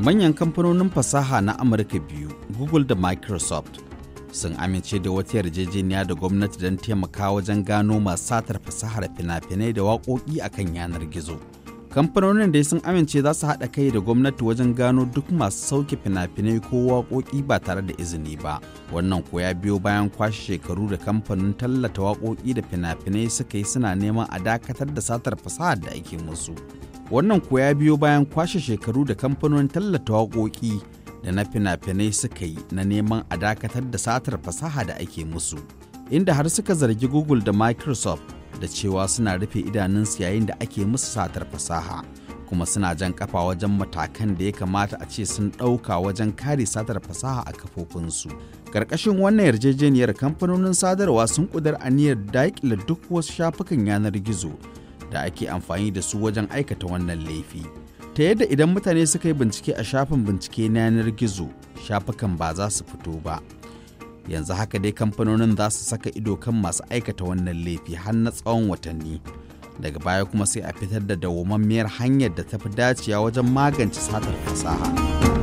manyan kamfanonin fasaha na amurka biyu google da microsoft sun amince da wata yarjejeniya da gwamnati don taimaka wajen gano masu satar fasahar fina-finai da waƙoƙi a kan yanar gizo kamfanonin dai sun amince za su haɗa kai da gwamnati wajen gano duk masu sauke fina-finai ko waƙoƙi ba tare da izini ba wannan ko ya biyo bayan kwashe shekaru da kamfanin tallata waƙoƙi da fina-finai suka yi suna neman a dakatar da satar fasahar da ake musu wannan kuwa ya biyo bayan kwashe shekaru da kamfanonin tallata waƙoƙi da na fina-finai suka yi na neman a dakatar da satar fasaha da ake musu inda har suka zargi google da microsoft da cewa suna rufe idanunsu yayin da ake musu satar fasaha kuma suna jan kafa wajen matakan da ya kamata a ce sun ɗauka wajen kare satar fasaha a kafofinsu ƙarƙashin wannan yarjejeniyar kamfanonin sadarwa sun ƙudar aniyar daƙile duk wasu shafukan yanar gizo da ake amfani da su wajen aikata wannan laifi ta yadda idan mutane suka yi bincike a shafin bincike na yanar gizo shafukan ba za su fito ba yanzu haka dai kamfanonin za su saka ido kan masu aikata wannan laifi har na tsawon watanni daga baya kuma sai a fitar da dawwammamiyar hanyar da ta fi dacewa wajen magance satar fasaha.